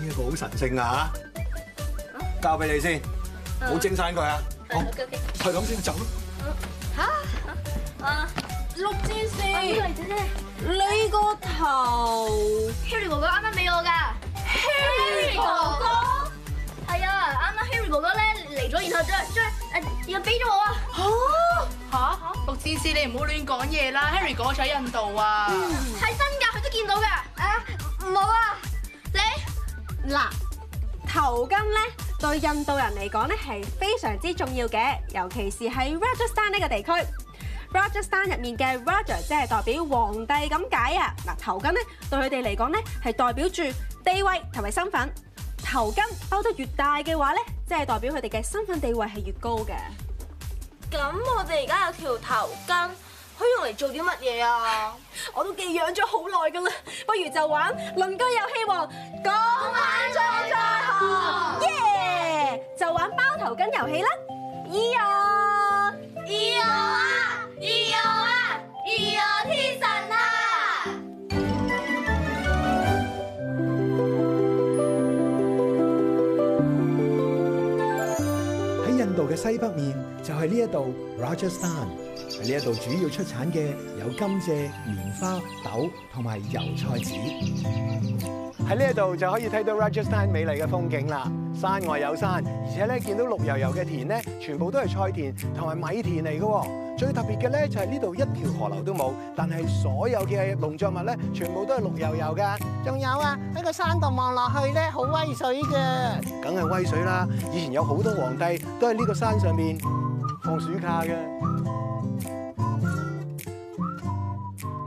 呢個好神聖噶吓，交俾你先，好精生佢啊，好，係咁先走咯。吓啊，六戰士，你個頭，Harry 哥哥啱啱俾我噶，Harry 哥哥，係啊，啱啱 Harry 哥哥咧嚟咗，然後將將又俾咗我啊。吓吓，六戰士，你唔好亂講嘢啦，Harry 哥哥在印度啊，係真㗎，佢都見到嘅，啊，冇啊。嗱，頭巾咧對印度人嚟講咧係非常之重要嘅，尤其是喺 Rajasthan 呢個地區。Rajasthan 入面嘅 Raja 即係代表皇帝咁解啊！嗱，頭巾咧對佢哋嚟講咧係代表住地位同埋身份。頭巾包得越大嘅話咧，即係代表佢哋嘅身份地位係越高嘅。咁我哋而家有條頭巾。可用嚟做啲乜嘢啊？PTSD 我都寄養咗好耐噶啦，不如就玩鄰居遊戲王，講玩再再紅，耶！就玩包頭巾遊戲啦，咿呀，咿呀啊，咿呀啊，咿呀天神啦！喺印度嘅西北面就係呢一度 Rajasthan。就是喺呢一度主要出產嘅有甘蔗、棉花、豆同埋油菜籽。喺呢一度就可以睇到 Rajasthan 美麗嘅風景啦。山外有山，而且咧見到綠油油嘅田咧，全部都係菜田同埋米田嚟㗎。最特別嘅咧就係呢度一條河流都冇，但係所有嘅農作物咧全部都係綠油油㗎。仲有啊，喺個山度望落去咧，好威水嘅，梗係威水啦！以前有好多皇帝都喺呢個山上邊放暑假嘅。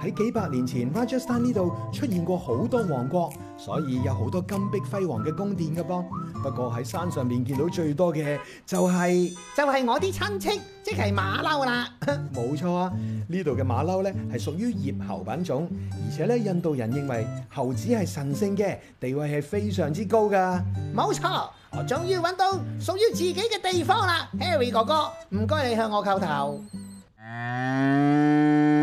喺幾百年前，拉賈斯坦呢度出現過好多王國，所以有好多金碧輝煌嘅宮殿噶噃。不過喺山上面見到最多嘅就係就係我啲親戚，即係馬騮啦。冇錯啊，呢度嘅馬騮咧係屬於葉猴品種，而且咧印度人認為猴子係神聖嘅，地位係非常之高噶。冇錯，我終於揾到屬於自己嘅地方啦，Harry 哥哥，唔該你向我叩頭。嗯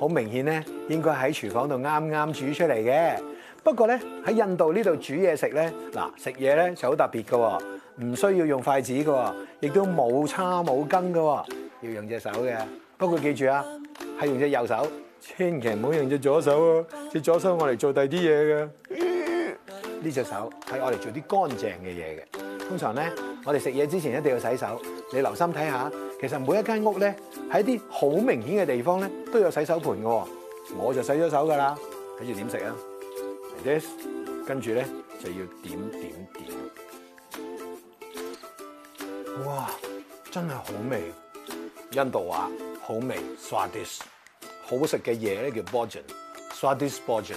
好明顯咧，應該喺廚房度啱啱煮出嚟嘅。不過咧，喺印度呢度煮嘢食咧，嗱，食嘢咧就好特別嘅，唔需要用筷子嘅，亦都冇叉冇羹嘅，要用隻手嘅。不過記住啊，係用隻右手，千祈唔好用隻左手啊，隻左手我嚟做第二啲嘢嘅。呢隻手係我嚟做啲乾淨嘅嘢嘅。通常咧，我哋食嘢之前一定要洗手，你留心睇下。其實每一間屋咧，喺啲好明顯嘅地方咧，都有洗手盤嘅。我就洗咗手㗎啦，跟住點食啊？This 跟住咧就要點點點。哇，真係好味！印度話好味，Swadis，好食嘅嘢咧叫 Bhojan，Swadis Bhojan。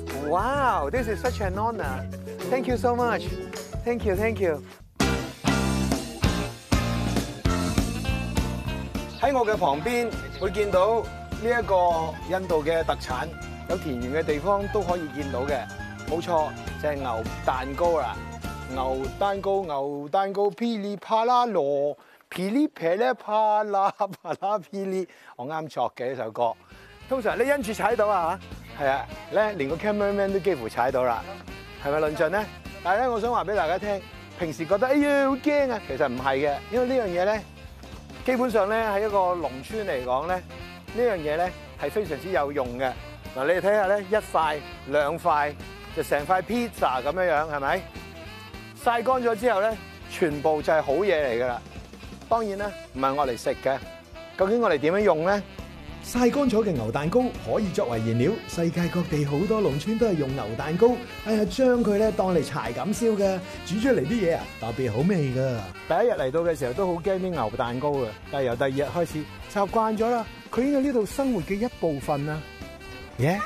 Wow，this is such an honor. Thank you so much. Thank you, thank you. 喺我嘅旁邊會見到呢一個印度嘅特產，有田園嘅地方都可以見到嘅。冇錯，就係牛蛋糕啦。牛蛋糕，牛蛋糕，噼里啪啦羅，噼里啪咧啪啦啪啦噼里。我啱作嘅一首歌。通常你因住踩到啊？係啊，咧連個 camera man 都幾乎踩到啦，係咪論盡咧？但係咧，我想話俾大家聽，平時覺得哎呀好驚啊，其實唔係嘅，因為呢樣嘢咧，基本上咧喺一個農村嚟講咧，呢樣嘢咧係非常之有用嘅。嗱，你哋睇下咧，一塊兩塊就成塊 pizza 咁樣樣，係咪？曬乾咗之後咧，全部就係好嘢嚟㗎啦。當然啦，唔係我嚟食嘅，究竟我嚟點樣用咧？曬乾咗嘅牛蛋糕可以作為燃料，世界各地好多農村都係用牛蛋糕，哎呀，將佢咧當嚟柴咁燒嘅，煮出嚟啲嘢啊特別好味㗎。第一日嚟到嘅時候都好驚啲牛蛋糕㗎，但係由第二日開始就習慣咗啦，佢已經有呢度生活嘅一部分啦。咩？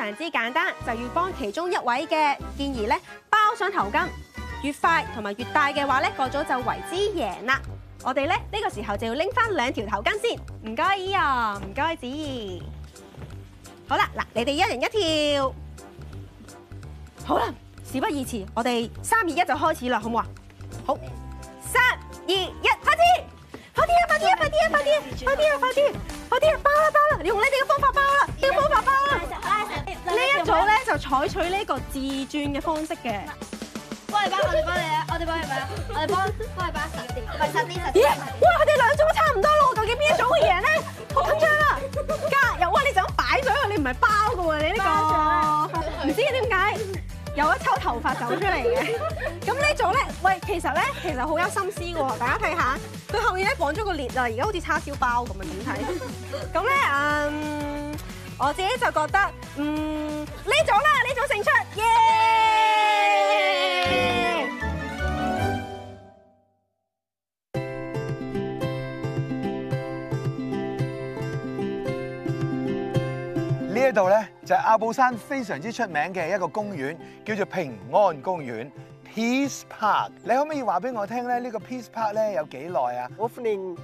非常之簡單，就是，要幫其中一位嘅健兒咧包上頭巾，越快同埋越大嘅話咧，過咗就為之贏啦。我哋咧呢個時候就要拎翻兩條頭巾先。唔該姨啊，唔該子。好啦，嗱，你哋一人一條。好啦，事不宜遲，我哋三二一就開始啦，好唔好啊？好，三二一，開始。好，快啲啊，快啲啊，快啲啊，快啲啊，快啲，快啲啊，快啲，快啲啊，包啦，包啦，用你哋嘅方法包啦，你個方法包啦。呢一組咧就採取呢個自轉嘅方式嘅，幫你包，我哋幫你啊，我哋幫你包我哋幫幫你包實啲，實啲實啲。哇，佢哋 Yeah? 兩組都差唔多咯，究竟邊一組會贏咧？好緊張啊！的加油！哇，你就咁擺上去，你唔係包㗎喎，你呢、呢個唔知點解有一抽頭髮走出嚟嘅。咁 呢組咧，喂，其實咧，其實好有心思嘅、哦、喎，大家睇下，佢後面咧綁咗個鏈啊，而家好似叉燒包咁啊，點睇？咁 咧，嗯。我自己就覺得，嗯，呢種啦，呢種勝出，耶！呢度咧就係阿寶山非常之出名嘅一個公園，叫做平安公園 （Peace Park）。你可唔可以話俾我聽咧？呢個 Peace Park 咧有幾耐啊？Opening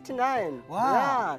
1989。19 89，哇！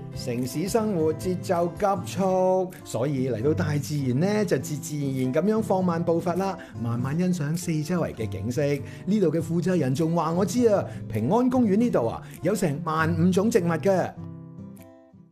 城市生活節奏急促，所以嚟到大自然咧就自自然然咁樣放慢步伐啦，慢慢欣賞四周圍嘅景色。呢度嘅負責人仲話我知啊，平安公園呢度啊有成萬五種植物㗎。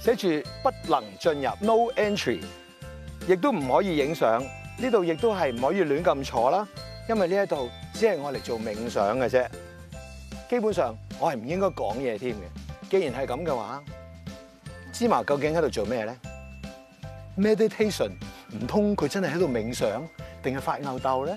寫住不能進入，No entry，亦都唔可以影相。呢度亦都係唔可以亂咁坐啦，因為呢一度只係我嚟做冥想嘅啫。基本上我係唔應該講嘢添嘅。既然係咁嘅話，芝麻究竟喺度做咩咧？Meditation，唔通佢真係喺度冥想定係發吽豆咧？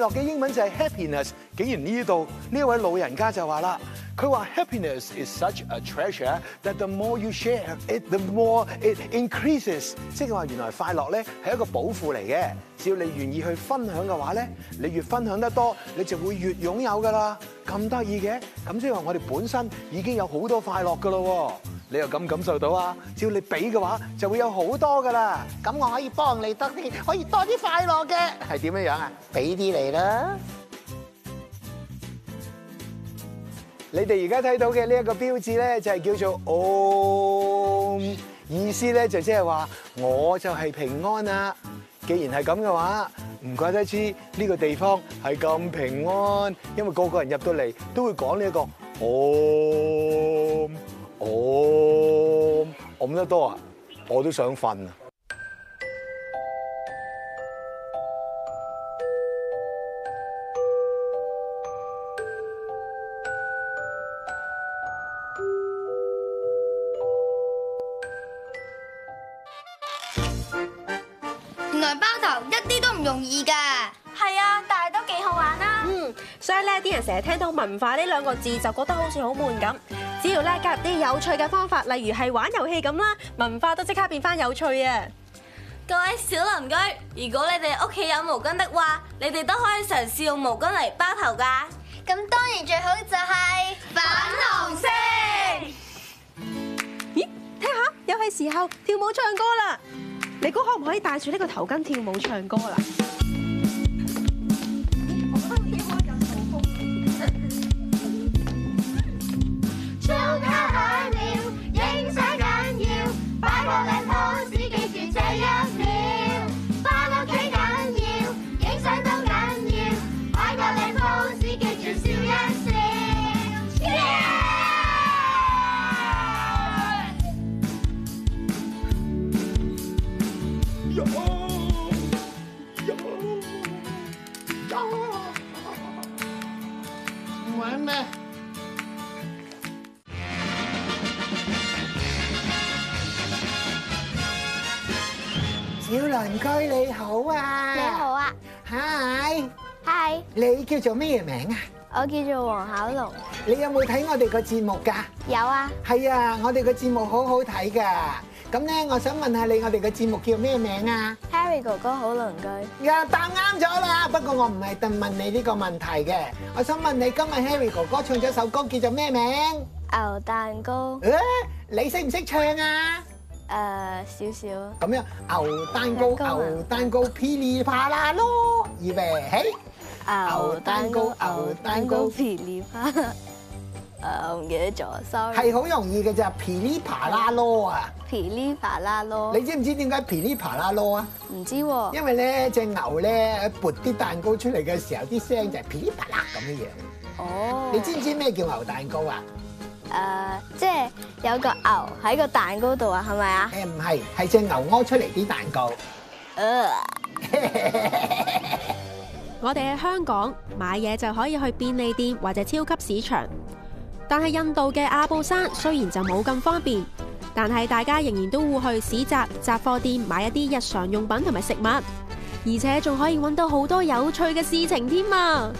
樂嘅英文就係 happiness，竟然呢度呢位老人家就話啦，佢話 happiness is such a treasure that the more you share it, the more it increases。即係話原來快樂咧係一個寶庫嚟嘅，只要你願意去分享嘅話咧，你越分享得多，你就會越擁有噶啦。咁得意嘅，咁即係話我哋本身已經有好多快樂噶咯。你又感唔感受到啊？只要你俾嘅話，就會有好多噶啦。咁我可以幫你得啲，可以多啲快樂嘅。係點樣樣啊？俾啲你啦！你哋而家睇到嘅呢一個標誌咧，就係叫做 “Om”，意思咧就即係話我就係平安啊！既然係咁嘅話，唔怪得知呢個地方係咁平安，因為個個人入到嚟都會講呢一個 “Om”。哦，我唔得多啊，我都想瞓啊！原來包頭一啲都唔容易㗎，係啊，但係都幾好玩啦，啊。嗯，所以咧，啲人成日聽到文化呢兩個字，就覺得好似好悶咁。只要咧加入啲有趣嘅方法，例如係玩遊戲咁啦，文化都即刻變返有趣啊！各位小鄰居，如果你哋屋企有毛巾的話，你哋都可以嘗試用毛巾嚟包頭㗎。咁當然最好就係、是、粉紅色看看。咦，睇下又係時候跳舞唱歌啦！你估可唔可以戴住呢個頭巾跳舞唱歌啦？嗨，係。你叫做咩名啊？我叫做黃巧龍。你有冇睇我哋個節目噶？有啊。係啊，我哋個節目好好睇噶。咁呢，我想問下你，我哋個節目叫咩名啊？Harry 哥哥好鄰居。呀，答啱咗啦。不過我唔係特問你呢個問題嘅，我想問你今日 Harry 哥哥唱咗首歌叫做咩名？牛蛋糕。誒，你識唔識唱啊？誒，少少咁樣，牛蛋糕，牛蛋糕，噼里啪啦咯，預備起，牛蛋糕，牛蛋糕，噼里啪誒，唔記得咗，sorry，係好容易嘅咋，噼里啪啦咯啊，噼里啪啦咯，你知唔知點解噼里啪啦咯啊？唔知。因為咧隻牛咧撥啲蛋糕出嚟嘅時候，啲聲就係噼里啪啦咁嘅樣。哦，你知唔知咩叫牛蛋糕啊？誒，uh, 即係有個牛喺個蛋糕度啊，係咪啊？誒，唔係，係隻牛屙出嚟啲蛋糕。Uh. 我哋喺香港買嘢，就可以去便利店或者超級市場，但係印度嘅阿布山雖然就冇咁方便，但係大家仍然都會去市集、雜貨店買一啲日常用品同埋食物，而且仲可以搵到好多有趣嘅事情添啊！